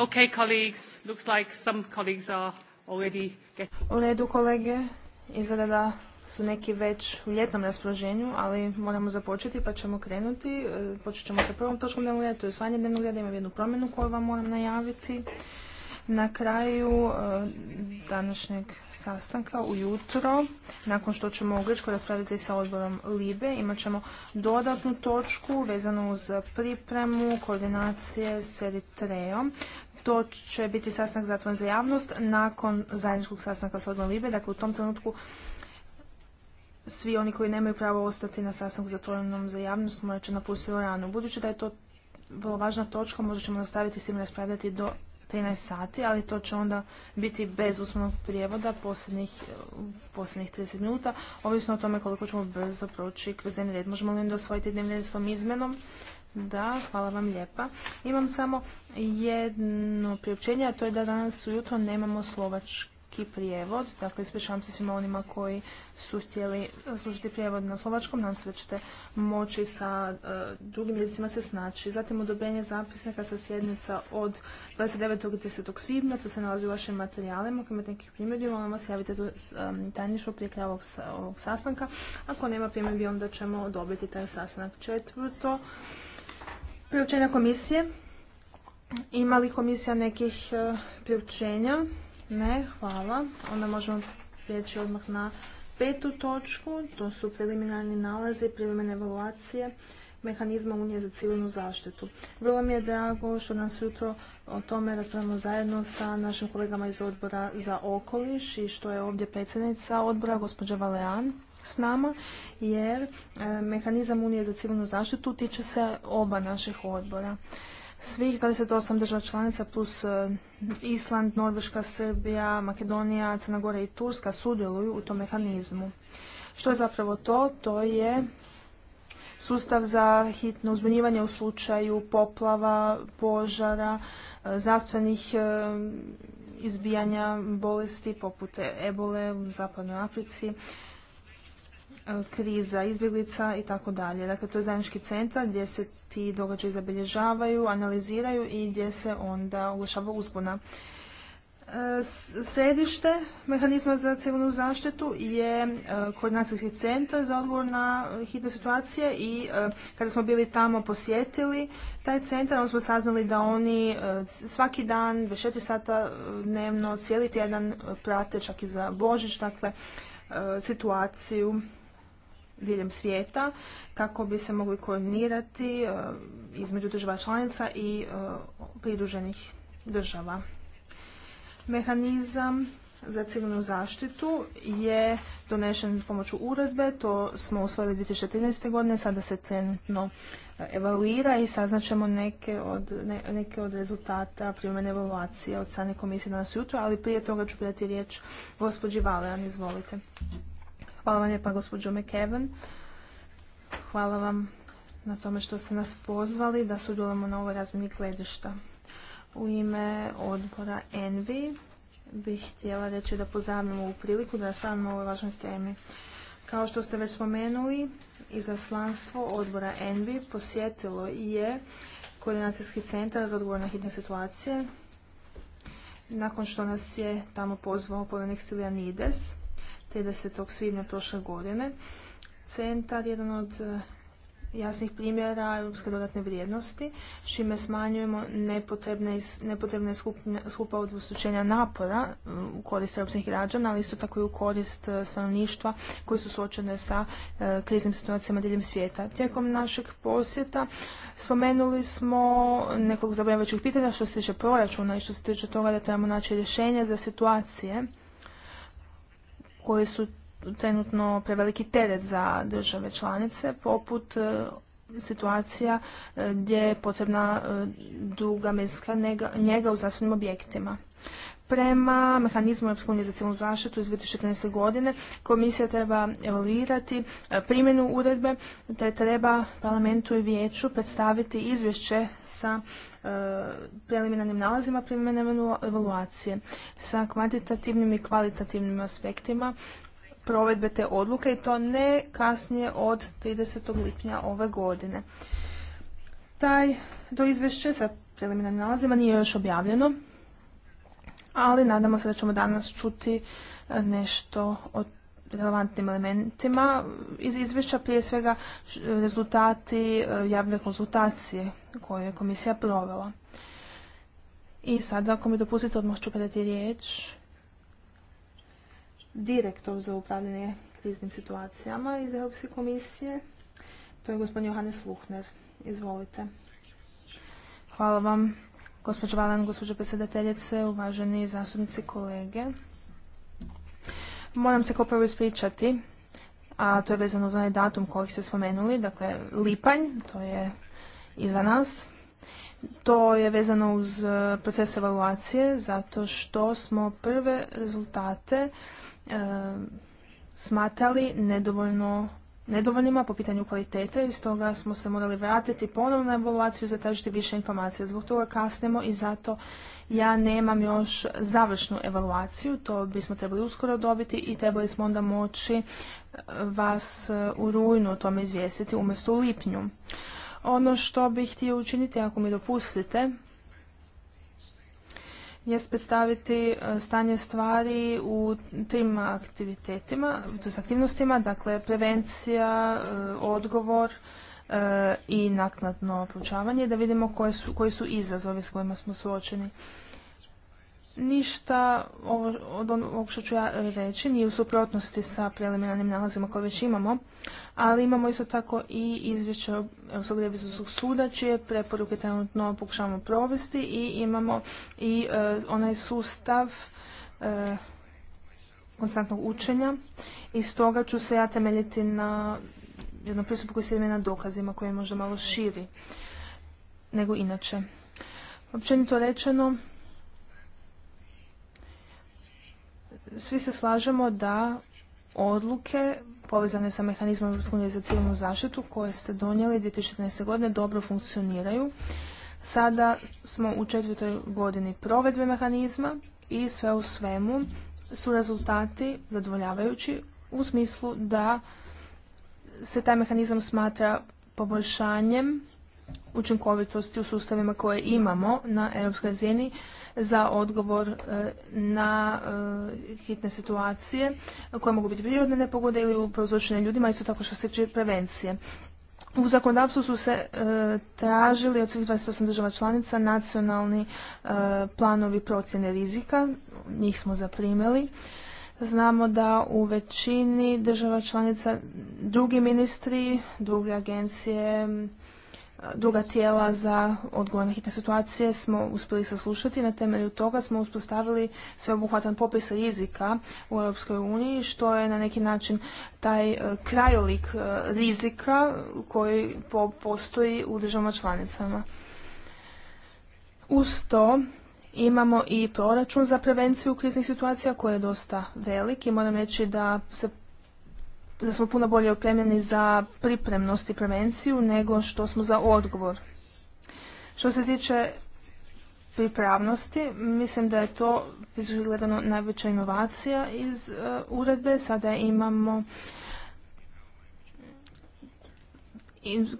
Okay, colleagues. Looks like some colleagues U redu kolege, izgleda da su neki već u ljetnom raspoloženju, ali moramo započeti pa ćemo krenuti. E, počet ćemo sa prvom točkom dnevnog reda, to je svanje dnevnog reda, imam jednu promjenu koju vam moram najaviti. Na kraju e, današnjeg sastanka ujutro, nakon što ćemo u Grčkoj raspraviti sa odborom LIBE, imat ćemo dodatnu točku vezanu uz pripremu koordinacije s Eritreom to će biti sastanak zatvoren za javnost nakon zajedničkog sastanka s odmah Libe. Dakle, u tom trenutku svi oni koji nemaju pravo ostati na sastanku zatvorenom za javnost morat će napustiti rano. Budući da je to vrlo važna točka, možda ćemo nastaviti s tim raspravljati do 13 sati, ali to će onda biti bez usmanog prijevoda posljednjih, posljednjih 30 minuta, ovisno o tome koliko ćemo brzo proći kroz dnevni red. Možemo li onda osvojiti dnevni red svom izmenom? Da, hvala vam lijepa. Imam samo jedno priopćenje, a to je da danas ujutro nemamo slovački prijevod. Dakle, ispričavam se svima onima koji su htjeli služiti prijevod na slovačkom. Nadam se da ćete moći sa e, drugim jezicima se snaći. Zatim odobrenje zapisnika sa sjednica od 29. i 30. svibnja. To se nalazi u vašim materijalima. Ako imate nekih primjedbi, molim vas javite to e, prije kraja ovog, ovog sastanka. Ako nema primjedbi, onda ćemo odobriti taj sastanak četvrto. Priopćenja komisije. Ima li komisija nekih e, priopćenja? Ne, hvala. Onda možemo prijeći odmah na petu točku. To su preliminarni nalazi, privremene evaluacije mehanizma Unije za civilnu zaštitu. Vrlo mi je drago što nas jutro o tome raspravljamo zajedno sa našim kolegama iz odbora za okoliš i što je ovdje predsjednica odbora, gospođa Valean s nama jer e, mehanizam Unije za civilnu zaštitu tiče se oba naših odbora. Svih 28 država članica plus e, Island, Norveška, Srbija, Makedonija, Crna Gora i Turska sudjeluju u tom mehanizmu. Što je zapravo to? To je sustav za hitno uzbunjivanje u slučaju poplava, požara, e, zastvenih izbijanja bolesti poput ebole u Zapadnoj Africi, E, kriza izbjeglica i tako dalje. Dakle, to je zajednički centar gdje se ti događaji zabilježavaju, analiziraju i gdje se onda oglašava uzbuna. E, središte mehanizma za civilnu zaštitu je e, koordinacijski centar za odgovor na hitne situacije i kada smo bili tamo posjetili taj centar, onda smo saznali da oni svaki dan, 24 sata dnevno, cijeli tjedan prate čak i za Božić, dakle, situaciju diljem svijeta kako bi se mogli koordinirati e, između država članica i e, pridruženih država. Mehanizam za civilnu zaštitu je donešen pomoću uredbe, to smo usvojili 2013. godine, sada se trenutno e, evaluira i saznaćemo neke od, neke od rezultata primjene evaluacije od strane komisije danas jutro, ali prije toga ću predati riječ gospođi Valean, izvolite. Hvala vam lijepa gospođo McEvan. Hvala vam na tome što ste nas pozvali da sudjelujemo na ovoj razmini gledišta. U ime odbora ENVI bih htjela reći da pozavljamo ovu priliku da raspravljamo o ovoj važnoj temi. Kao što ste već spomenuli, izaslanstvo odbora ENVI posjetilo je Koordinacijski centar za odgovor na hitne situacije nakon što nas je tamo pozvao povjerenik Stilianides 30. svibnja prošle godine. Centar, jedan od e, jasnih primjera europske dodatne vrijednosti, šime čime smanjujemo nepotrebne, nepotrebne skupa odvostučenja napora e, u korist europskih građana, ali isto tako i u korist e, stanovništva koji su suočene sa kriznim situacijama diljem svijeta. Tijekom našeg posjeta spomenuli smo nekoliko zabavljajućih pitanja što se tiče proračuna i što se tiče toga da trebamo naći rješenje za situacije koje su trenutno preveliki teret za države članice, poput e, situacija e, gdje je potrebna e, duga medicinska njega u zdravstvenim objektima. Prema mehanizmu Europske unije za zaštitu iz 2014. godine komisija treba evaluirati primjenu uredbe te treba parlamentu i vijeću predstaviti izvješće sa preliminarnim nalazima primjene evaluacije sa kvantitativnim i kvalitativnim aspektima provedbe te odluke i to ne kasnije od 30. lipnja ove godine. Taj, do izvješće sa preliminarnim nalazima nije još objavljeno, ali nadamo se da ćemo danas čuti e, nešto od relevantnim elementima iz izvješća, prije svega rezultati e, javne konzultacije koje je komisija provela. I sada, ako mi dopustite, odmah ću predati riječ direktor za upravljanje kriznim situacijama iz Europske komisije. To je gospodin Johannes Luhner. Izvolite. Hvala vam, gospođo Valen, gospođo predsjedateljice, uvaženi zastupnici kolege. Moram se kao prvo ispričati, a to je vezano za onaj datum koji ste spomenuli, dakle lipanj, to je iza nas. To je vezano uz e, proces evaluacije, zato što smo prve rezultate e, smatrali nedovoljno nedovoljnima po pitanju kvalitete i stoga smo se morali vratiti ponovno na evaluaciju i zatražiti više informacija. Zbog toga kasnemo i zato ja nemam još završnu evaluaciju, to bismo trebali uskoro dobiti i trebali smo onda moći e, vas e, u rujnu o tome izvijestiti umjesto u lipnju. Ono što bih htio učiniti, ako mi dopustite, je predstaviti e, stanje stvari u tim aktivitetima, tojest aktivnostima, dakle prevencija, e, odgovor e, i naknadno proučavanje da vidimo koje koji su izazovi s kojima smo suočeni ništa od onog što ću ja reći nije u suprotnosti sa preliminarnim nalazima koje već imamo, ali imamo isto tako i izvješće Europskog revizorskog suda čije preporuke trenutno pokušavamo provesti i imamo i e, onaj sustav e, konstantnog učenja i stoga ću se ja temeljiti na jednom pristupu koji se na dokazima koji je možda malo širi nego inače. Općenito rečeno, svi se slažemo da odluke povezane sa mehanizmom unije za civilnu zaštitu koje ste donijeli 2014. godine dobro funkcioniraju. Sada smo u četvrtoj godini provedbe mehanizma i sve u svemu su rezultati zadovoljavajući u smislu da se taj mehanizam smatra poboljšanjem učinkovitosti u sustavima koje imamo na europskoj razini za odgovor e, na e, hitne situacije koje mogu biti prirodne nepogode ili prouzročene ljudima, isto tako što se tiče prevencije. U zakonodavstvu su se e, tražili od svih 28 država članica nacionalni planovi procjene rizika, njih smo zaprimili. Znamo da u većini država članica drugi ministri, druge agencije, druga tijela za odgovor na hitne situacije smo uspjeli saslušati. Na temelju toga smo uspostavili sveobuhvatan popis rizika u Europskoj uniji, što je na neki način taj e, krajolik e, rizika koji postoji u državama članicama. Uz to imamo i proračun za prevenciju kriznih situacija koji je dosta velik i moram reći da se da smo puno bolje opremljeni za pripremnost i prevenciju nego što smo za odgovor. Što se tiče pripravnosti, mislim da je to fizički gledano najveća inovacija iz e, uredbe. Sada imamo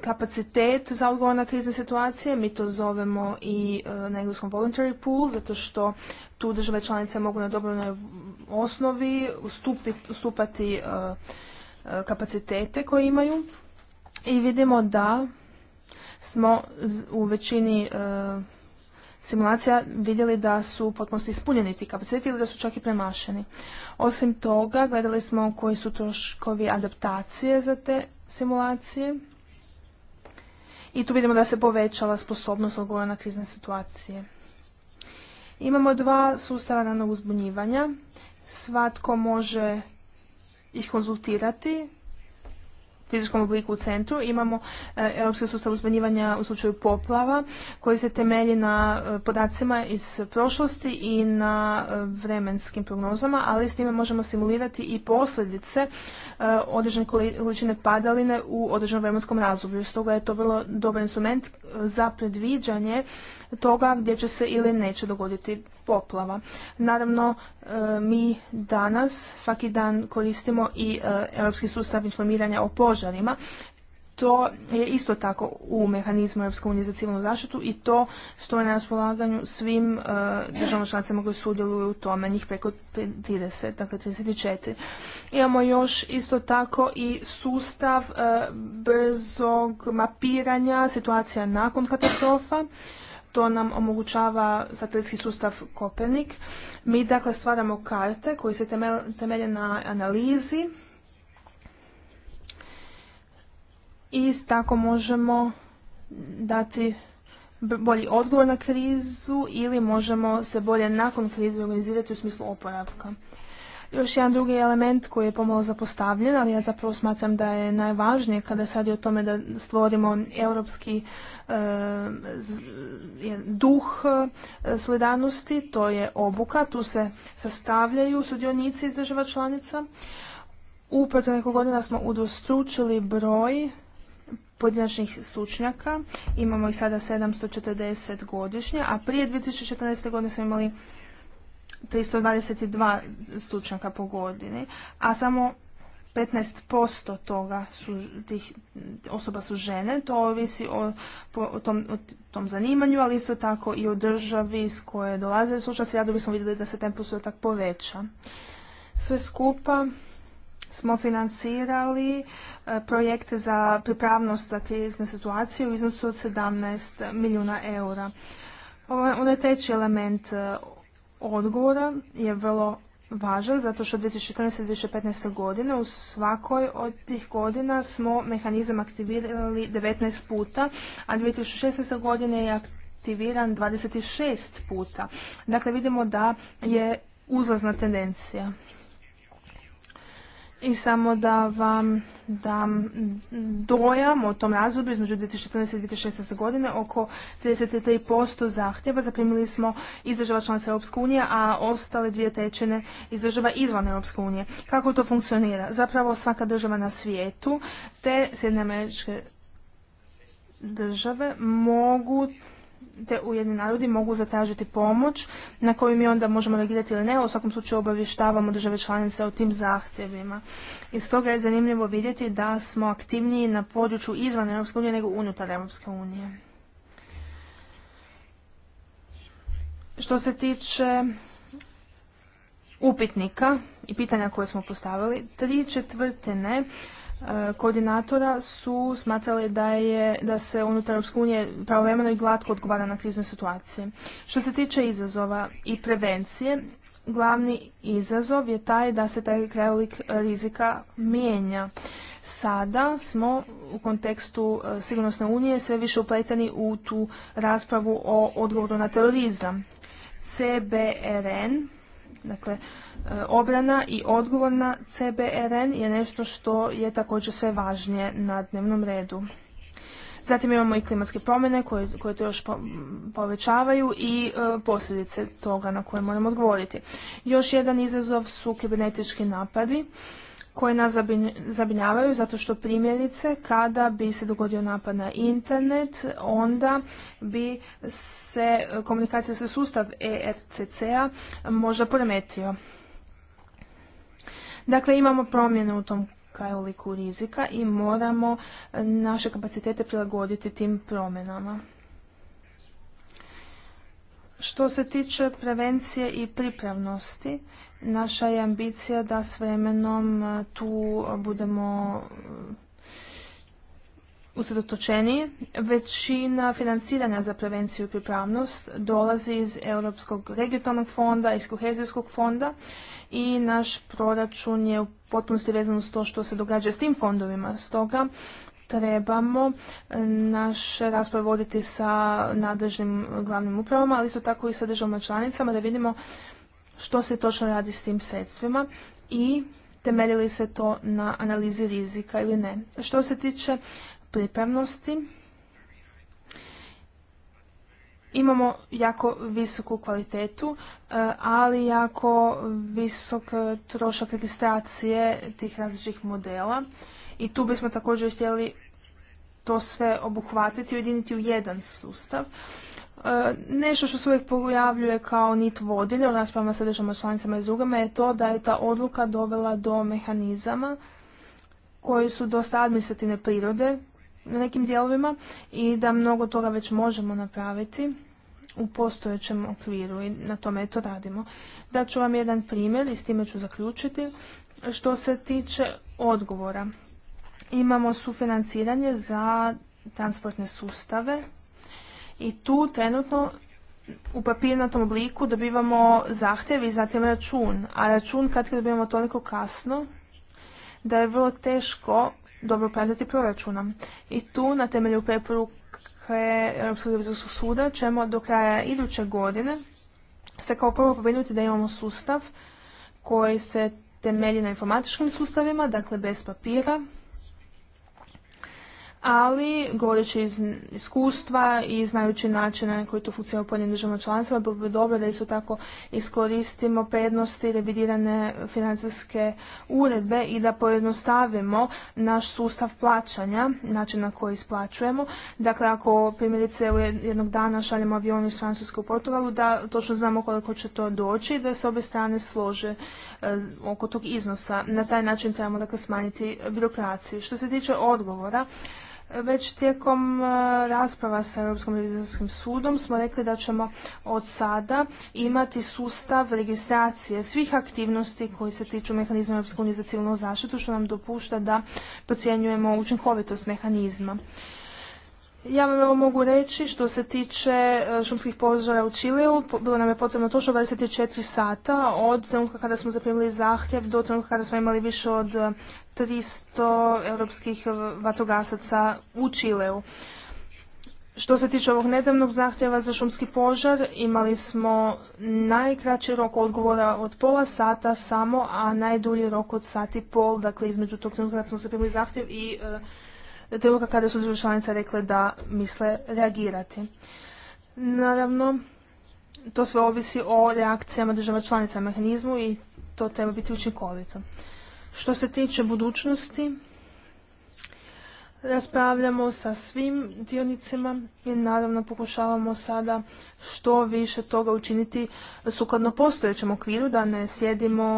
kapacitet za odgovor na krizne situacije, mi to zovemo i e, na engleskom voluntary pool, zato što tu države članice mogu na dobrovnoj osnovi ustupiti ustupati e, E, kapacitete koje imaju i vidimo da smo u većini e, simulacija vidjeli da su potpuno ispunjeni ti kapaciteti ili da su čak i premašeni. Osim toga, gledali smo koji su troškovi adaptacije za te simulacije. I tu vidimo da se povećala sposobnost odgovora na krizne situacije. Imamo dva sustava ranog uzbunjivanja. Svatko može ih konzultirati fizičkom obliku u centru. Imamo e, Europski sustav uzmanjivanja u slučaju poplava koji se temelji na e, podacima iz prošlosti i na e, vremenskim prognozama, ali s time možemo simulirati i posljedice određene količine padaline u određenom vremenskom razdoblju. Stoga je to vrlo dobar instrument za predviđanje toga gdje će se ili neće dogoditi poplava. Naravno, mi danas svaki dan koristimo i europski sustav informiranja o požarima. To je isto tako u mehanizmu Europske unije za civilnu zaštitu i to stoje na raspolaganju svim e, državama članicama koji sudjeluju u tome, njih preko 30, dakle 34. Imamo još isto tako i sustav e, brzog mapiranja situacija nakon katastrofa. To nam omogućava satelitski sustav Kopernik. Mi dakle stvaramo karte koji se temelje na analizi i tako možemo dati bolji odgovor na krizu ili možemo se bolje nakon krize organizirati u smislu oporavka. Još jedan drugi element koji je pomalo zapostavljen, ali ja zapravo smatram da je najvažnije kada sad je o tome da stvorimo europski e, duh e, solidarnosti, to je obuka, tu se sastavljaju sudionici iz država članica. U nekog godina smo udostručili broj pojedinačnih stručnjaka. Imamo ih sada 740 godišnje, a prije 2014. godine smo imali 322 stručnjaka po godini, a samo 15% toga su, tih osoba su žene, to ovisi o, o, tom, o tom zanimanju, ali isto tako i o državi iz koje dolaze slučajci, ja bismo vidjeli da se taj postotak poveća. Sve skupa smo financirali e, projekte za pripravnost za krizne situacije u iznosu od 17 milijuna eura. Onaj treći element e, odgovora je vrlo važan zato što 2014. i 2015. godine u svakoj od tih godina smo mehanizam aktivirali 19 puta, a 2016. godine je aktiviran 26 puta. Dakle, vidimo da je uzlazna tendencija i samo da vam dam dojam o tom razvodu između 2014. i 2016. godine oko 33% zahtjeva zaprimili smo iz država članica Europske unije, a ostale dvije trećine iz država izvan Europske unije. Kako to funkcionira? Zapravo svaka država na svijetu te Sjedinjene američke države mogu te ujedni narodi mogu zatražiti pomoć na koju mi onda možemo reagirati ili ne, u svakom slučaju obavještavamo države članice o tim zahtjevima. I stoga je zanimljivo vidjeti da smo aktivniji na području izvan Europske unije nego unutar Europske unije. Što se tiče upitnika i pitanja koje smo postavili, tri četvrtine E, koordinatora su smatrali da, je, da se unutar Europske unije pravovremeno i glatko odgovara na krizne situacije. Što se tiče izazova i prevencije, glavni izazov je taj da se taj krajolik rizika mijenja. Sada smo u kontekstu e, sigurnosne unije sve više upleteni u tu raspravu o odgovoru na terorizam. CBRN Dakle, e, obrana i odgovor na CBRN je nešto što je također sve važnije na dnevnom redu. Zatim imamo i klimatske promjene koje, to još povećavaju i e, posljedice toga na koje moramo odgovoriti. Još jedan izazov su kibernetički napadi koje nas zabinjavaju zato što primjerice kada bi se dogodio napad na internet onda bi se eh, komunikacijski sustav ERCC-a možda poremetio. Dakle, imamo promjene u tom krajoliku rizika i moramo eh, naše kapacitete prilagoditi tim promjenama. Što se tiče prevencije i pripravnosti, naša je ambicija da s vremenom e, tu budemo e, usredotočeni. Većina financiranja za prevenciju i pripravnost dolazi iz Europskog regionalnog fonda, iz kohezijskog fonda i naš proračun je u potpunosti vezan uz to što se događa s tim fondovima. Stoga trebamo e, naš rasprave voditi sa nadležnim glavnim upravama, ali isto tako i sa državama članicama da vidimo što se točno radi s tim sredstvima i temeljili se to na analizi rizika ili ne. Što se tiče pripravnosti, imamo jako visoku kvalitetu, e, ali jako visok trošak registracije tih različitih modela i tu bismo također htjeli to sve obuhvatiti i ujediniti u jedan sustav. E, nešto što se uvijek pojavljuje kao nit vodilja u raspravama sa državama članicama i zugama je to da je ta odluka dovela do mehanizama koji su dosta administrativne prirode na nekim dijelovima i da mnogo toga već možemo napraviti u postojećem okviru i na tome to radimo. ću vam jedan primjer i s time ću zaključiti što se tiče odgovora imamo sufinanciranje za transportne sustave i tu trenutno u papirnatom obliku dobivamo zahtjev i zatim račun, a račun kad dobivamo toliko kasno da je vrlo teško dobro upravljati proračunom. I tu na temelju preporuke Europskog revizorskog suda ćemo do kraja iduće godine se kao prvo pobrinuti da imamo sustav koji se temelji na informatičkim sustavima, dakle bez papira, ali govoreći iz iskustva i znajući načine na koji to funkcionira u pojedinim državama članicama, bilo bi dobro da isto tako iskoristimo prednosti revidirane financijske uredbe i da pojednostavimo naš sustav plaćanja, način na koji isplaćujemo. Dakle, ako primjerice u jednog dana šaljemo avion iz Francuske u Portugalu, da točno znamo koliko će to doći, da se obje strane slože eh, oko tog iznosa. Na taj način trebamo dakle, smanjiti birokraciju. Što se tiče odgovora, već tijekom e, rasprava sa Europskom revizorskim sudom smo rekli da ćemo od sada imati sustav registracije svih aktivnosti koji se tiču mehanizma Europske unije za civilnu zaštitu što nam dopušta da procjenjujemo učinkovitost mehanizma. Ja vam evo mogu reći što se tiče e, šumskih požara u Čileu, bilo nam je potrebno točno 24 sata od trenutka kada smo zaprimili zahtjev do trenutka kada smo imali više od 300 e, europskih vatrogasaca u Čileu. Što se tiče ovog nedavnog zahtjeva za šumski požar, imali smo najkraći rok odgovora od pola sata samo, a najdulji rok od sati pol, dakle između tog trenutka kada smo zaprimili zahtjev i e, trenutka kada su države članice rekle da misle reagirati. Naravno, to sve ovisi o reakcijama država članica mehanizmu i to treba biti učinkovito. Što se tiče budućnosti, raspravljamo sa svim dionicima i naravno pokušavamo sada što više toga učiniti sukladno postojećem okviru, da ne sjedimo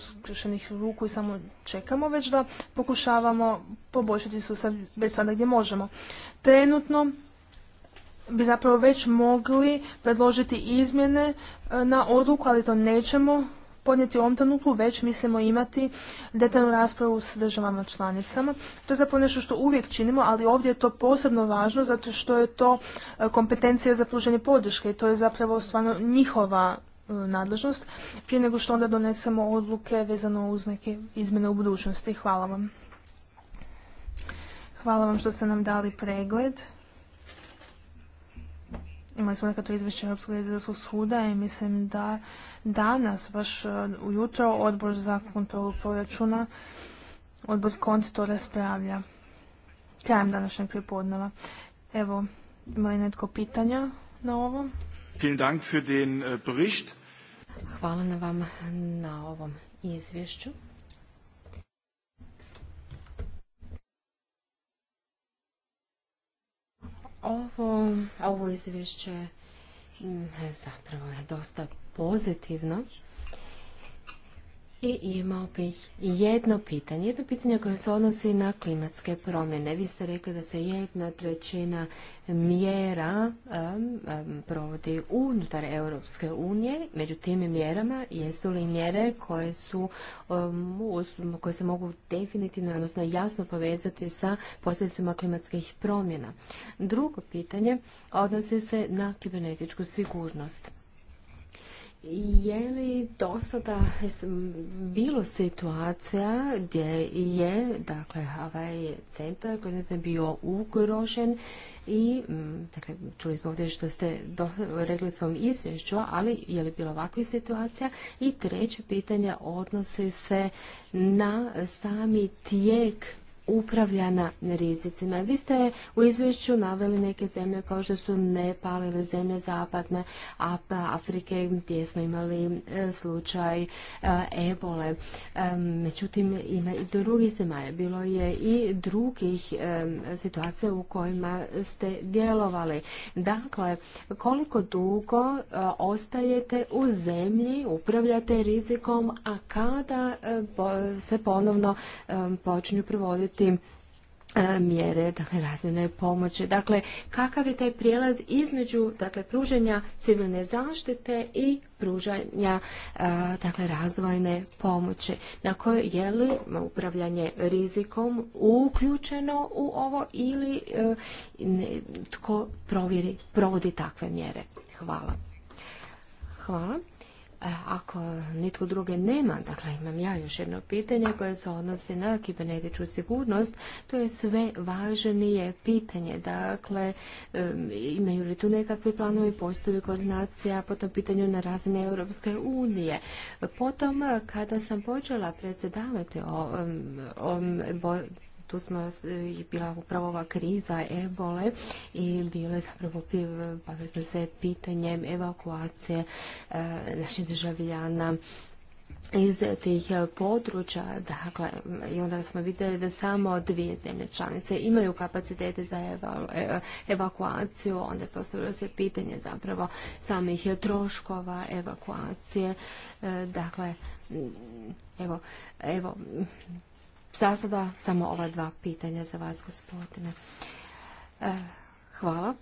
skršenih ruku i samo čekamo, već da pokušavamo poboljšati sustav već sada gdje možemo. Trenutno bi zapravo već mogli predložiti izmjene e, na odluku, ali to nećemo podnijeti u ovom trenutku, već mislimo imati detaljnu raspravu s državama članicama. To je zapravo nešto što uvijek činimo, ali ovdje je to posebno važno zato što je to e, kompetencija za pružanje podrške i to je zapravo stvarno njihova e, nadležnost prije nego što onda donesemo odluke vezano uz neke izmjene u budućnosti. Hvala vam. Hvala vam što ste nam dali pregled Imali smo nekad to izvješće Europskog revizorskog suda i mislim da danas, baš e, ujutro, odbor za kontrolu proračuna, odbor konti to raspravlja. Krajem današnjeg pripodneva. Evo, ima li netko pitanja na ovo? E, Hvala na vam na ovom izvješću. Ovo, ovo izvješće mm, zapravo je dosta pozitivno i imao bih jedno pitanje, jedno pitanje koje se odnosi na klimatske promjene. Vi ste rekli da se jedna trećina mjera provodi unutar Europske unije, među tim mjerama jesu li mjere koje su koje se mogu definitivno, odnosno jasno povezati sa posljedicama klimatskih promjena. Drugo pitanje odnosi se na kibernetičku sigurnost. Je li do bilo situacija gdje je dakle, ovaj centar koji je bio ugrožen i mm, dakle, čuli smo ovdje što ste do, rekli u svom izvješću, ali je li bilo ovakva situacija? I treće pitanje odnosi se na sami tijek upravljana rizicima. Vi ste u izvješću naveli neke zemlje kao što su Nepal ili zemlje zapadne Afrike gdje smo imali e, slučaj e, ebole. E, međutim, ima i drugih zemalja. Bilo je i drugih situacija u kojima ste djelovali. Dakle, koliko dugo ostajete u zemlji, upravljate rizikom, a kada se ponovno počinju provoditi tim e, mjere, dakle razine pomoći. Dakle, kakav je taj prijelaz između dakle, pruženja civilne zaštite i pružanja e, dakle, razvojne pomoći. Na koje je li upravljanje rizikom uključeno u ovo ili e, tko provodi takve mjere? Hvala. Hvala. E, ako nitko druge nema, dakle imam ja još jedno pitanje koje se odnosi na kibernetičku sigurnost, to je sve važnije pitanje. Dakle, imaju li tu nekakvi planovi, postoji koordinacija po tom pitanju na razine Europske unije. Potom, kada sam počela predsjedavati o tu smo e, bila upravo ova kriza ebole i bile zapravo smo se pitanjem evakuacije e, naših državljana iz tih područja, dakle, i onda smo vidjeli da samo dvije zemlje članice imaju kapacitete za e, evakuaciju, onda je postavilo se pitanje zapravo samih troškova evakuacije, dakle, evo, evo, za sada samo ova dva pitanja za vas, gospodine. E, hvala.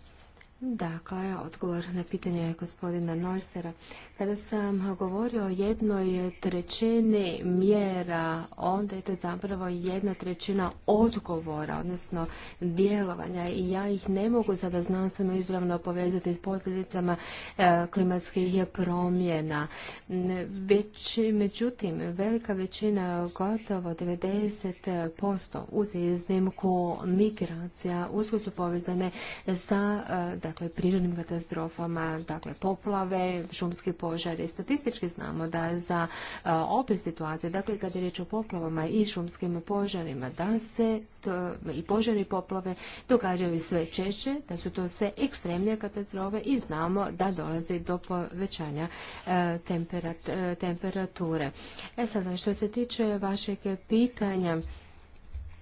Dakle, odgovor na pitanje gospodina Neusera. Kada sam govorio o jednoj trećini mjera, onda je to zapravo jedna trećina odgovora, odnosno djelovanja i ja ih ne mogu sada znanstveno izravno povezati s posljedicama e, klimatskih promjena. Već, međutim, velika većina, gotovo 90% uz iznimku migracija, usko su povezane sa e, da dakle prirodnim katastrofama, dakle poplave, šumski požari. Statistički znamo da za obje situacije, dakle kad je riječ o poplavama i šumskim požarima, da se i požari i poplave događaju sve češće, da su to sve ekstremnije katastrofe i znamo da dolazi do povećanja e, e, temperature. E sad, što se tiče vašeg pitanja,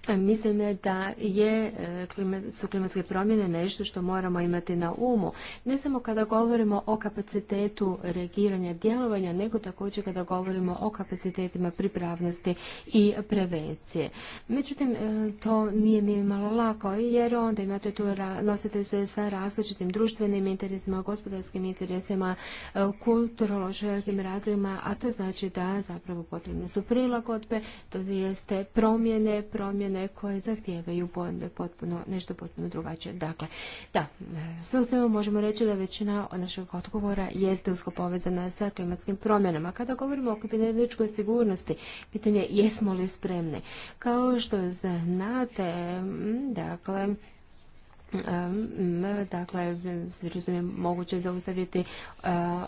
Mislim da je, e, su klimatske promjene nešto što moramo imati na umu. Ne samo kada govorimo o kapacitetu reagiranja djelovanja, nego također kada govorimo o kapacitetima pripravnosti i prevencije. Međutim, e, to nije ni malo lako, jer onda imate tu, nosite se sa različitim društvenim interesima, gospodarskim interesima, e, kulturološkim razlijima, a to znači da zapravo potrebne su prilagodbe, to jeste promjene, promjene promjene koje zahtijevaju potpuno, nešto potpuno drugačije. Dakle, da, sve u svemu možemo reći da većina našeg odgovora jeste usko povezana sa klimatskim promjenama. Kada govorimo o kibernetičkoj sigurnosti, pitanje je jesmo li spremni. Kao što znate, dakle, dakle, razumijem, moguće zaustaviti e,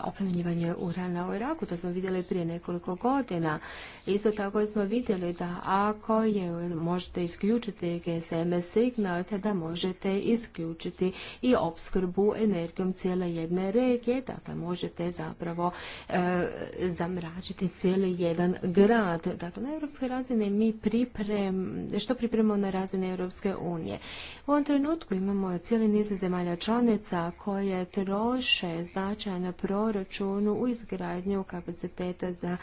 oplemenjivanje urana u Iraku. To smo vidjeli prije nekoliko godina. Isto tako smo vidjeli da ako je, možete isključiti GSM signal, tada možete isključiti i opskrbu energijom cijele jedne regije. Dakle, možete zapravo e, zamračiti cijeli jedan grad. Dakle, na europskoj razini mi priprem, što pripremamo na razini Europske unije. U ovom trenutku imamo imamo cijeli niz zemalja članica koje troše na proračunu u izgradnju kapaciteta za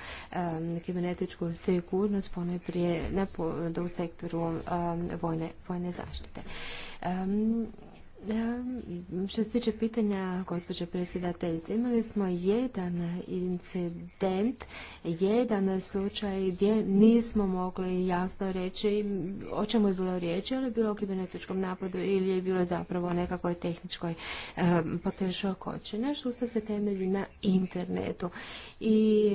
kibernetičku sigurnost poneprije u sektoru vojne, zaštite. Što se tiče pitanja gospođe predsjedateljice, imali smo jedan incident, jedan slučaj gdje nismo mogli jasno reći o čemu je bilo riječi, ali je bilo o kibernetičkom napadu ili je bilo zapravo o nekakvoj tehničkoj eh, poteškoći. Naš sustav se temelji na internetu i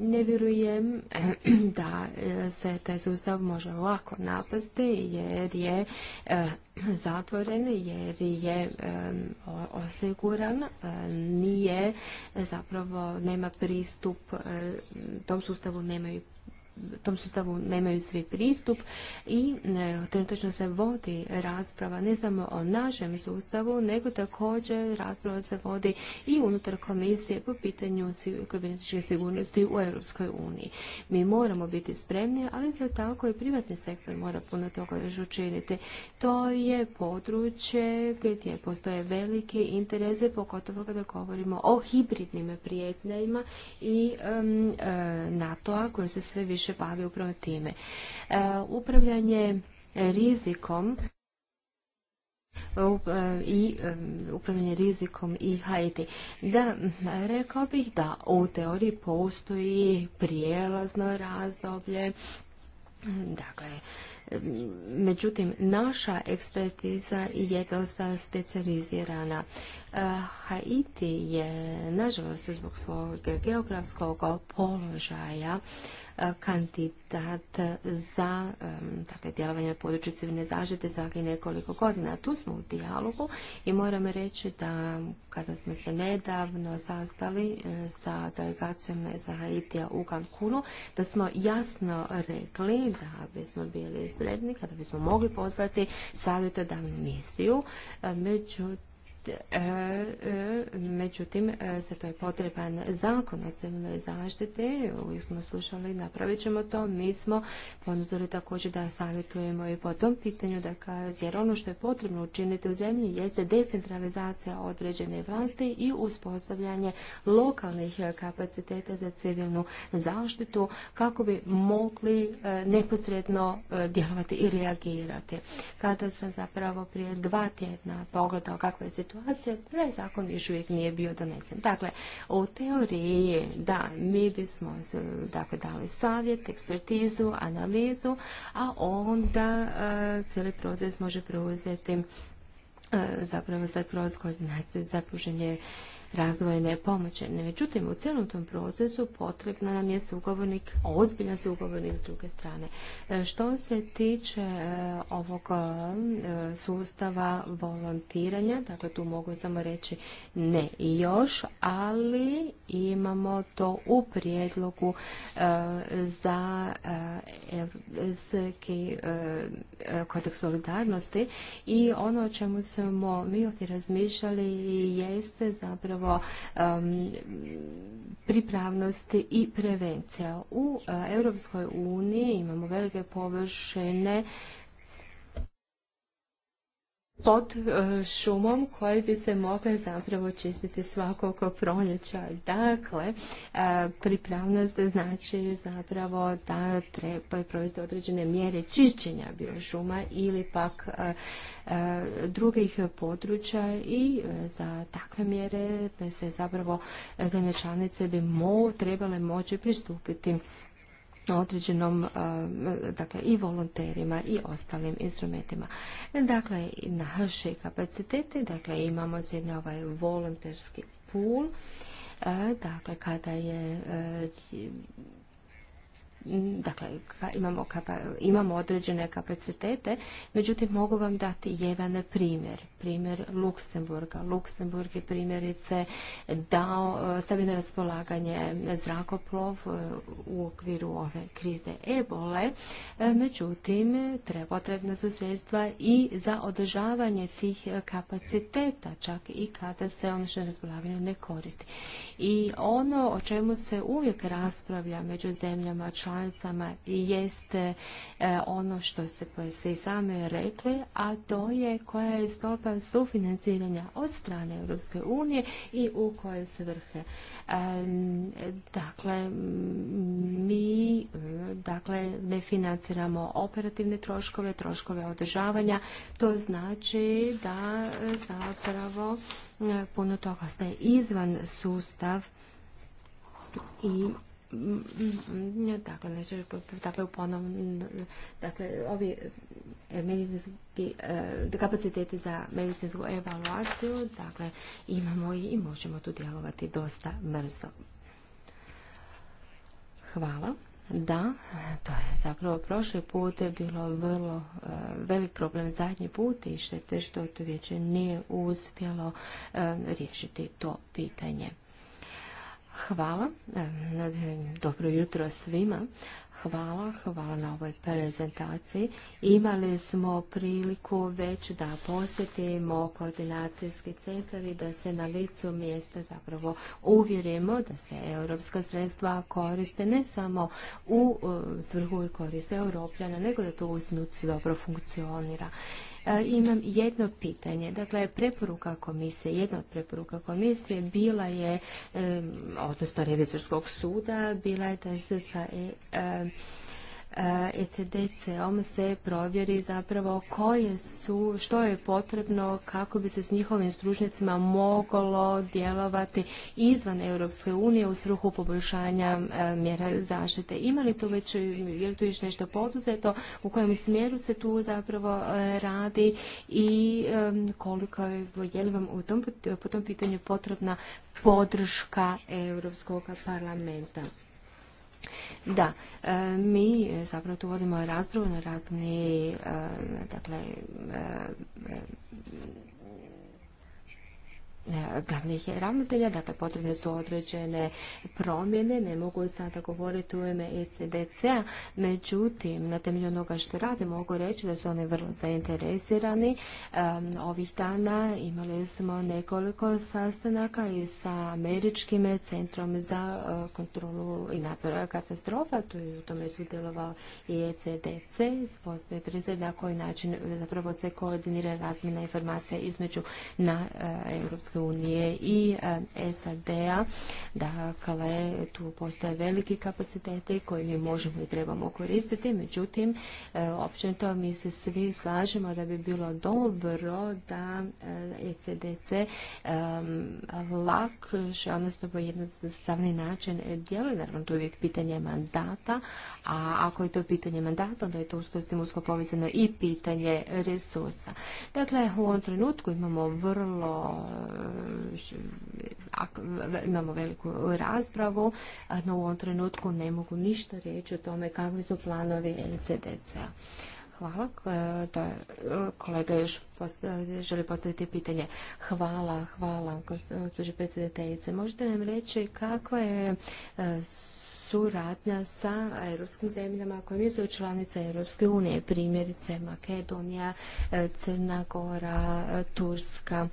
ne vjerujem da e, se taj sustav može lako napasti jer je e, zatvoren jer je e, osiguran, nije zapravo nema pristup, tom sustavu nemaju tom sustavu nemaju svi pristup i e, trenutačno se vodi rasprava ne samo o našem sustavu, nego također rasprava se vodi i unutar komisije po pitanju kibernetičke sigurnosti u Europskoj uniji. Mi moramo biti spremni, ali za tako i privatni sektor mora puno toga još učiniti. To je područje gdje postoje velike interese, pogotovo kada govorimo o hibridnim prijetnjama i e, NATO-a koje se sve više najviše bavi upravo time. E, upravljanje rizikom e, i e, upravljanje rizikom i Haiti. Da, rekao bih da u teoriji postoji prijelazno razdoblje, dakle, Međutim, naša ekspertiza je dosta specializirana. E, Haiti je, nažalost, zbog svog geografskog položaja e, kandidat za e, dakle, djelovanje na području civilne zaštite svake nekoliko godina. Tu smo u dijalogu i moram reći da kada smo se nedavno sastali sa delegacijom za Haitija u Cancunu, da smo jasno rekli da bismo bili posrednik, kada bismo mogli poslati savjetodavnu misiju. E, međutim, međutim, za to je potreban zakon o civilnoj zaštite, uvijek smo slušali, napravit ćemo to, mi smo ponudili također da savjetujemo i po tom pitanju, jer ono što je potrebno učiniti u zemlji jeste decentralizacija određene vlasti i uspostavljanje lokalnih kapaciteta za civilnu zaštitu kako bi mogli e, neposredno e, djelovati i reagirati. Kada sam zapravo prije dva tjedna pogledao kakva je situacije da zakon još uvijek nije bio donesen. Dakle, u teoriji da mi bismo dakle, dali savjet, ekspertizu, analizu, a onda e, cijeli proces može preuzeti e, zapravo sad kroz koordinaciju za razvojne pomoći. Međutim, u cijelom tom procesu potrebna nam je sugovornik, ozbiljan sugovornik s druge strane. E, što se tiče e, ovog e, sustava volontiranja, dakle tu mogu samo reći ne još, ali imamo to u prijedlogu za kodeks solidarnosti i ono o čemu smo mi ovdje razmišljali jeste zapravo zapravo pripravnost i prevencija. U e, Europskoj uniji imamo velike površine pod e, šumom koje bi se mogle zapravo čistiti svakog proljeća. Dakle, e, pripravnost znači zapravo da treba provesti određene mjere čišćenja biošuma ili pak e, drugih područja i za takve mjere se zapravo zemlje članice bi trebale moći pristupiti određenom, e, dakle i volonterima i ostalim instrumentima. Dakle, naše kapacitete, dakle imamo s ovaj volonterski pool, e, dakle kada je e, dakle imamo, imamo određene kapacitete, međutim mogu vam dati jedan primjer, primjer Luksemburga. Luksemburg je primjerice dao, e, stavio na raspolaganje zrakoplov e, u okviru ove krize ebole, e, međutim potrebna su sredstva i za održavanje tih kapaciteta, čak i kada se ono što je raspolaganju ne koristi. I ono o čemu se uvijek raspravlja među zemljama članicama članicama jeste e, ono što ste se i same rekli, a to je koja je stopa sufinanciranja od strane Europske unije i u koje svrhe. Dakle, mi dakle, ne financiramo operativne troškove, troškove održavanja. To znači da zapravo e, puno toga ste izvan sustav i tako mm, mm, dakle, neću, dakle, ponovno, dakle, ovi e, medicinski e, kapaciteti za medicinsku evaluaciju, dakle, imamo i možemo tu djelovati dosta brzo. Hvala. Da, to je zapravo prošli put je bilo vrlo e, velik problem zadnji put i štete što to vijeće nije uspjelo riješiti to pitanje. Hvala. E, dobro jutro svima. Hvala, hvala na ovoj prezentaciji. Imali smo priliku već da posjetimo koordinacijski centar i da se na licu mjesta zapravo uvjerimo da se europska sredstva koriste ne samo u e, svrhu i koriste europljana, nego da to u snuci dobro funkcionira. E, imam jedno pitanje. Dakle, preporuka komisije, jedna od preporuka komisije bila je, odnosno revizorskog suda, bila je da se e, ECDC-om e se provjeri zapravo koje su, što je potrebno kako bi se s njihovim stručnjacima moglo djelovati izvan Europske unije u svrhu poboljšanja e, mjera zaštite. Ima li tu već, je li tu još nešto poduzeto, u kojem smjeru se tu zapravo e, radi i koliko je, je li vam u tom, po tom pitanju potrebna podrška Europskog parlamenta? Da, e, mi e, zapravo tu vodimo raspravu na razne dakle, e, E, glavnih ravnatelja, dakle potrebne su određene promjene, ne mogu sada govoriti u ime ECDC-a, međutim, na temelju onoga što rade, mogu reći da su oni vrlo zainteresirani. E, ovih dana imali smo nekoliko sastanaka i sa američkim centrom za e, kontrolu i nadzor katastrofa, to je u tome sudjelovao i ECDC, postoje trize na koji način zapravo se koordinira razmjena informacija između na uh, Europske unije i e, SAD-a. Dakle, tu postoje veliki kapaciteti koji mi možemo i trebamo koristiti. Međutim, e, općenito mi se svi slažemo da bi bilo dobro da ECDC e lakše, odnosno po jednostavni način djeluje. Naravno, to je uvijek pitanje mandata, a ako je to pitanje mandata, onda je to s tim usko povezano i pitanje resursa. Dakle, u ovom trenutku imamo vrlo imamo veliku raspravu, no u ovom trenutku ne mogu ništa reći o tome kakvi su planovi ncdc a Hvala. kolega još želi postaviti pitanje. Hvala, hvala, gospođo predsjedateljice. Možete nam reći kakva je e, suradnja sa europskim zemljama koje nisu članice Europske unije, primjerice Makedonija, e, Crna Gora, e, Turska.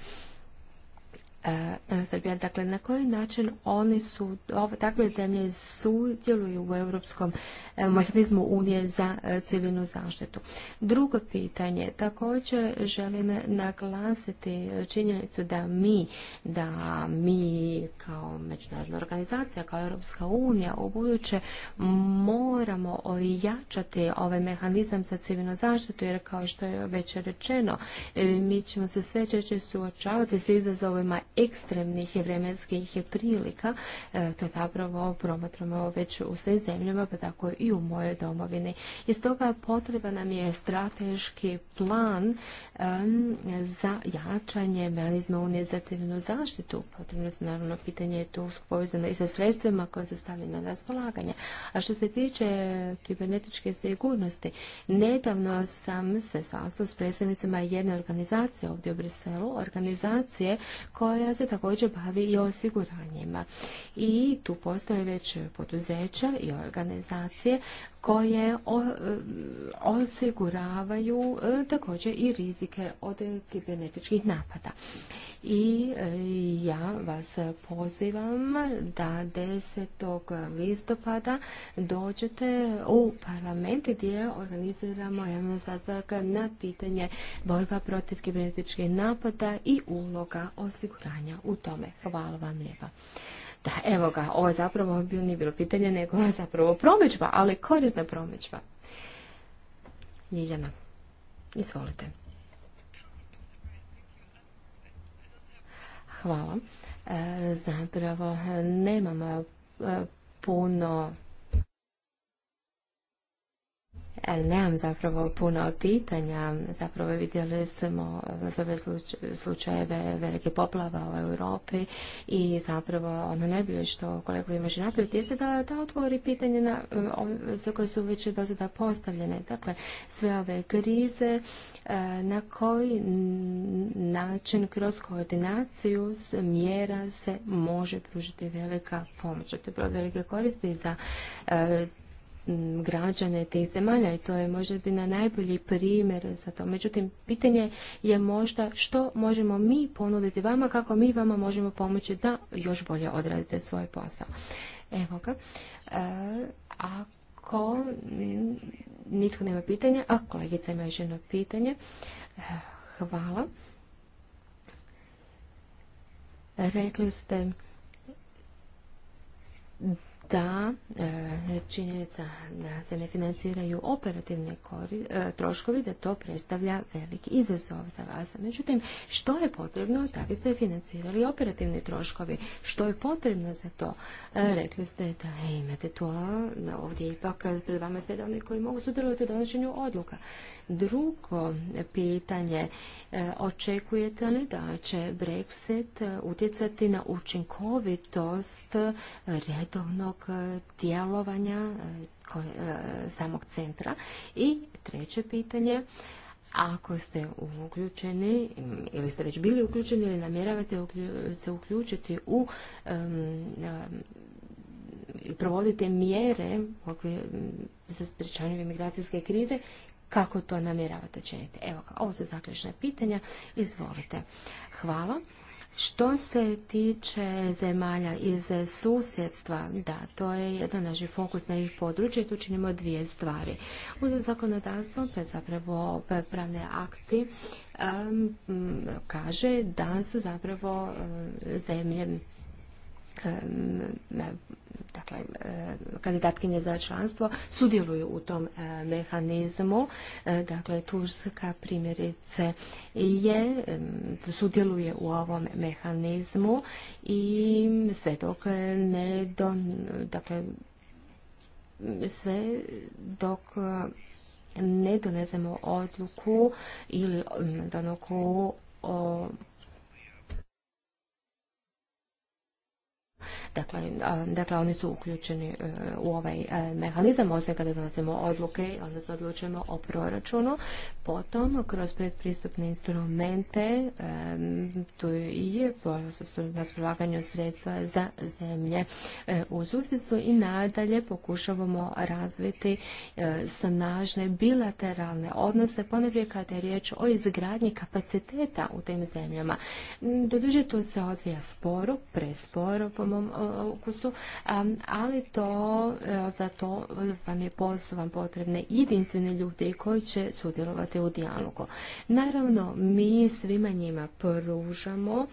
E, Srbija. Dakle, na koji način oni su, takve zemlje sudjeluju u europskom e, mehanizmu Unije za e, civilnu zaštitu. Drugo pitanje, također želim naglasiti činjenicu da mi, da mi kao međunarodna organizacija, kao Europska unija u buduće moramo ojačati ovaj mehanizam za civilnu zaštitu, jer kao što je već rečeno, mi ćemo se sve češće suočavati s izazovima ekstremnih vremenskih prilika, e, to zapravo promatramo već u sve zemljama, pa tako i u mojoj domovini. I stoga potreba nam je strateški plan e, za jačanje mehanizma unije za civilnu zaštitu. Potrebno se naravno pitanje je tu povezano i sa sredstvima koje su stavljene na raspolaganje. A što se tiče kibernetičke sigurnosti, nedavno sam se sastao s predsjednicima jedne organizacije ovdje u Briselu, organizacije koje se također bavi i osiguranjima. I tu postoje već poduzeća i organizacije koje e, osiguravaju e, također i rizike od kibernetičkih napada. I e, ja vas pozivam da 10. listopada dođete u parlament gdje organiziramo jedan sastanak na pitanje borba protiv kibernetičkih napada i uloga osiguranja u tome. Hvala vam lijepa da evo ga, ovo zapravo nije bilo pitanje, nego zapravo promidžba, ali korisna promidžba. Ljiljana, izvolite. Hvala. E, zapravo nemam e, puno Nemam zapravo puno pitanja, zapravo vidjeli smo za ove slučajeve velike poplava u Europi i zapravo ono najbolje što kolega ima može napraviti je da, da otvori pitanje na, za koje su već do sada postavljene. Dakle, sve ove krize, e, na koji način kroz koordinaciju s mjera se može pružiti velika pomoć. To je velike koristi za e, Mm, građane tih zemalja i to je možda bi na najbolji primjer za to. Međutim, pitanje je možda što možemo mi ponuditi vama, kako mi vama možemo pomoći da još bolje odradite svoj posao. Evo ga. E, ako nitko nema pitanja, a kolegica ima još jedno pitanje, e, hvala. Rekli ste da e, činjenica da se ne financiraju operativne troškovi, da to predstavlja veliki izazov za vas. Međutim, što je potrebno da bi se financirali operativni troškovi? Što je potrebno za to? E, rekli ste da e, imate to, ovdje ipak pred vama se oni koji mogu sudjelovati u donošenju odluka. Drugo pitanje, očekujete li da će Brexit utjecati na učinkovitost redovnog samog e, djelovanja e, e, samog centra. I treće pitanje, ako ste uključeni ili ste već bili uključeni ili namjeravate se uključiti u i provodite mjere za sprječavanje imigracijske krize, kako to namjeravate činiti? Evo, ovo su zaključna pitanja. Izvolite. Hvala. Što se tiče zemalja iz susjedstva, da, to je jedan naš fokus na ih područje tu činimo dvije stvari. U zakonodavstvu, zapravo pravne akti, kaže da su zapravo zemlje dakle, kandidatkinje za članstvo sudjeluju u tom mehanizmu. E, dakle, Turska primjerice je, sudjeluje u ovom mehanizmu i sve dok ne dakle, sve dok ne donesemo odluku ili donoku Dakle, dakle oni su uključeni e, u ovaj e, mehanizam, osim kada donosimo odluke, onda se odlučujemo o proračunu. Potom, kroz predpristupne instrumente, e, tu je na raspolaganju sredstva za zemlje u susjedstvu i nadalje pokušavamo razviti snažne bilateralne odnose, ponebrije kada je riječ o izgradnji kapaciteta u tim zemljama. Doduže to se odvija sporo, presporo, po E, ukusu, ali to e, za to vam je su vam potrebne jedinstvene ljudi koji će sudjelovati u dijalogu. Naravno, mi svima njima pružamo,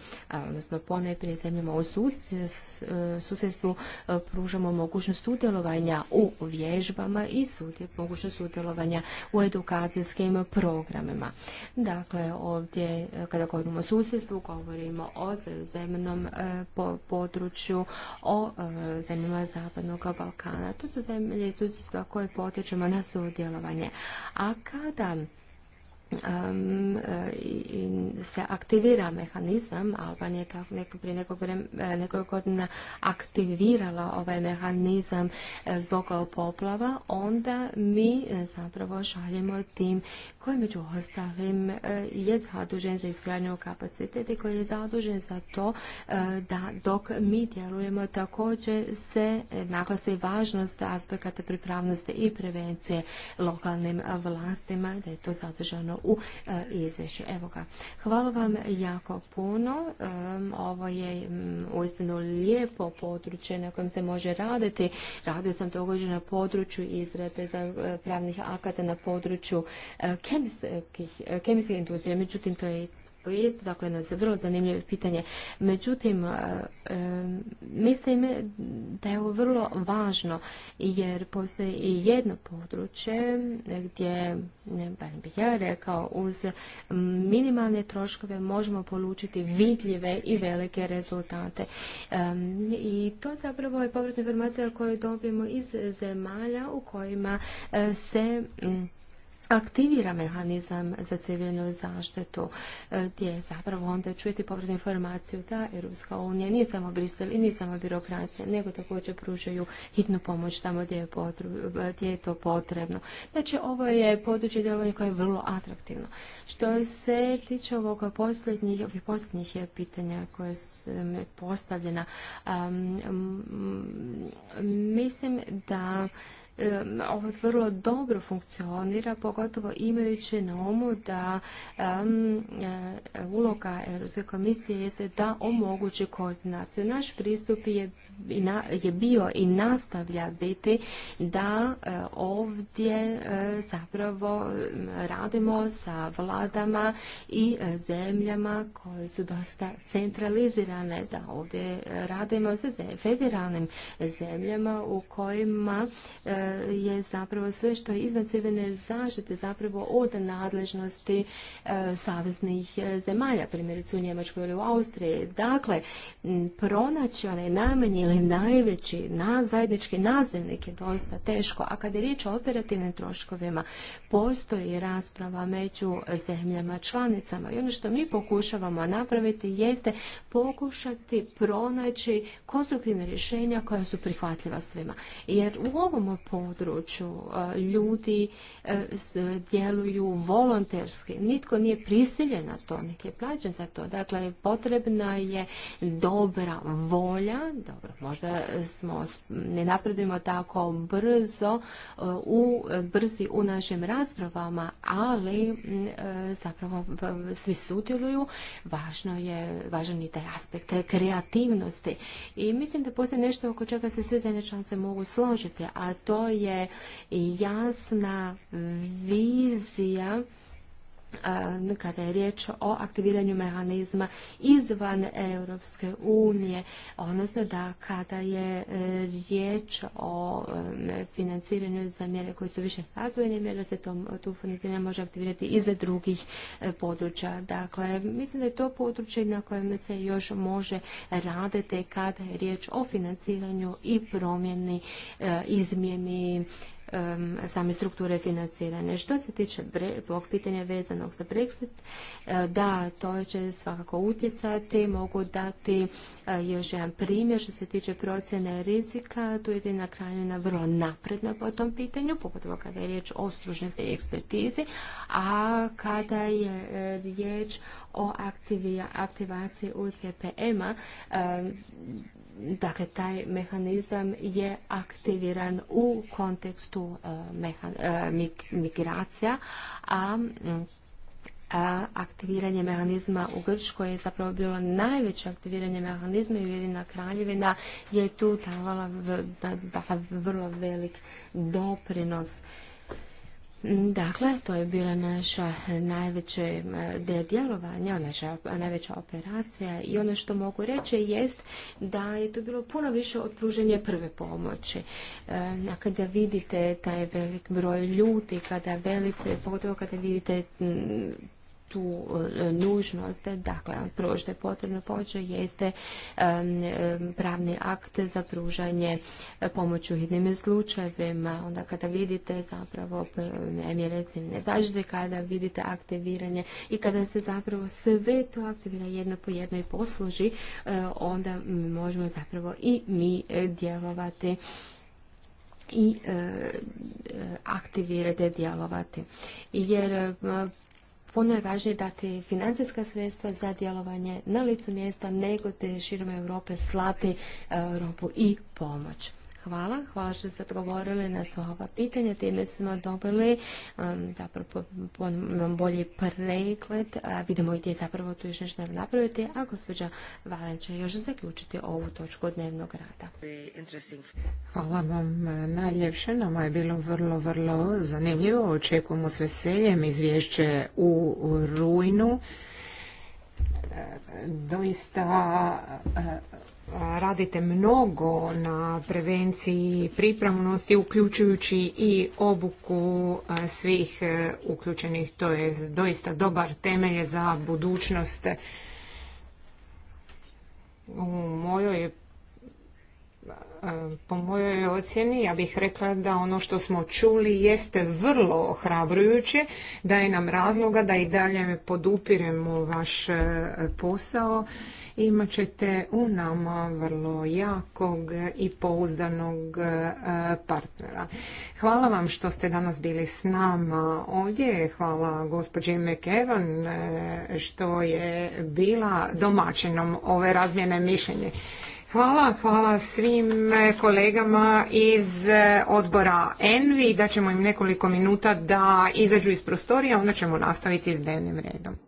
odnosno ponajprije zemljama u e, susjedstvu pružamo mogućnost sudjelovanja u vježbama i sudje, mogućnost sudjelovanja u edukacijskim programima. Dakle, ovdje kada govorimo o susjedstvu, govorimo o sredozemnom području o e, zemljama Zapadnog Balkana. To su zemlje susjedstva koje potičemo na sudjelovanje. A kada um, i, se aktivira mehanizam, Albanija je tako neko, prije nekog e, nekoliko godina aktivirala ovaj mehanizam e, zbog poplava, onda mi e, zapravo šaljemo tim koji među ostalim je zadužen za izgradnju kapaciteta i koji je zadužen za to da dok mi djelujemo također se naglasi važnost aspekata pripravnosti i prevencije lokalnim vlastima, da je to zadržano u e, izvješću. Evo ga. Hvala vam jako puno. E, ovo je uistinu lijepo područje na kojem se može raditi. Radio sam togođer na području izrade za e, pravnih akata na području kemijskih industrije. Međutim, to je isto tako jedno vrlo zanimljivo pitanje. Međutim, e, e, mislim da je ovo vrlo važno jer postoji i jedno područje gdje, ne, bih ja rekao, uz minimalne troškove možemo polučiti vidljive i velike rezultate. E, I to zapravo je povratna informacija koju dobijemo iz zemalja u kojima se aktivira mehanizam za civilnu zaštitu, e, gdje zapravo onda čujete povrednu informaciju da Europska unija nije samo Brisel i nije samo birokracija, nego također pružaju hitnu pomoć tamo gdje je, to potrebno. Znači, ovo je područje djelovanja koje je vrlo atraktivno. Što se tiče ovog posljednjih, ovih posljednjih pitanja koje su postavljena, mislim da ovo vrlo dobro funkcionira, pogotovo imajući na umu da e, uloga Europske komisije je da omogući koordinaciju. Naš pristup je, je bio i nastavlja biti da e, ovdje e, zapravo radimo sa vladama i zemljama koje su dosta centralizirane, da ovdje radimo sa federalnim zemljama u kojima je zapravo sve što je izvan civilne zaštite zapravo od nadležnosti e, saveznih e, zemalja, primjerice u Njemačkoj ili u Austriji. Dakle, pronaći onaj najmanji ili najveći na, zajednički nazivnik je dosta teško, a kada je riječ o operativnim troškovima, postoji rasprava među zemljama članicama i ono što mi pokušavamo napraviti jeste pokušati pronaći konstruktivne rješenja koja su prihvatljiva svima. Jer u ovom području. E, ljudi e, djeluju volonterski. Nitko nije prisiljen na to, nek je plaćen za to. Dakle, potrebna je dobra volja. Dobro, možda smo, ne napredujemo tako brzo e, u, brzi u našim raspravama, ali zapravo svi sudjeluju. Važno je, važan je taj aspekt kreativnosti. I mislim da postoje nešto oko čega se sve zemlje članice mogu složiti, a to je jasna vizija kada je riječ o aktiviranju mehanizma izvan Europske unije, odnosno da kada je e, riječ o e, financiranju za mjere koje su više razvojne mjere, se to, tu financiranje može aktivirati i za drugih e, područja. Dakle, mislim da je to područje na kojem se još može raditi kada je riječ o financiranju i promjeni, izmjeni same strukture financiranja. Što se tiče ovog pitanja vezanog za Brexit, e, da, to će svakako utjecati. Mogu dati e, još jedan primjer što se tiče procjene rizika. Tu je na kraju vrlo napredna po tom pitanju, pogotovo kada je riječ o stručnosti i ekspertizi, a kada je e, riječ o aktivaciji UCPM-a, dakle taj mehanizam je aktiviran u kontekstu e, e, migracija, mm, a aktiviranje mehanizma u Grčkoj je zapravo bilo najveće aktiviranje mehanizma i Ujedina kraljevina je tu davala vrlo velik doprinos Dakle, to je bila naša najveće e, djelovanje, naša najveća operacija i ono što mogu reći jest da je to bilo puno više od pruženja prve pomoći. E, kada vidite taj velik broj ljudi, kada velike, pogotovo kada vidite tu e, nužnost, dakle, prvo što je potrebno pođe jeste pravni akt za pružanje e, pomoći u hitnim slučajevima. Onda kada vidite zapravo mjere civilne kada vidite aktiviranje i kada se zapravo sve to aktivira jedno po jedno i posluži, e, onda možemo zapravo i mi djelovati i e, djelovati. Jer puno je važnije dati financijska sredstva za djelovanje na licu mjesta nego te širom Europe slati e, robu i pomoć. Hvala, hvala što ste odgovorili na sva ova pitanja. Time smo dobili um, bolji pregled. vidimo gdje zapravo tu još nešto napraviti, a gospođa Valen će još zaključiti ovu točku dnevnog rada. Hvala vam najljepše. Nama je bilo vrlo, vrlo zanimljivo. Očekujemo s veseljem izvješće u, u rujnu e, doista e, radite mnogo na prevenciji pripravnosti, uključujući i obuku e, svih e, uključenih. To je doista dobar temelj za budućnost. U mojoj E, po mojoj ocjeni ja bih rekla da ono što smo čuli jeste vrlo ohrabrujuće, daje nam razloga da i dalje podupiremo vaš e, posao. Imat ćete u nama vrlo jakog i pouzdanog e, partnera. Hvala vam što ste danas bili s nama ovdje. Hvala gospođi McEvan što je bila domaćinom ove razmjene mišljenje. Hvala, hvala svim e, kolegama iz e, odbora Envi. ćemo im nekoliko minuta da izađu iz prostorija, onda ćemo nastaviti s dnevnim redom.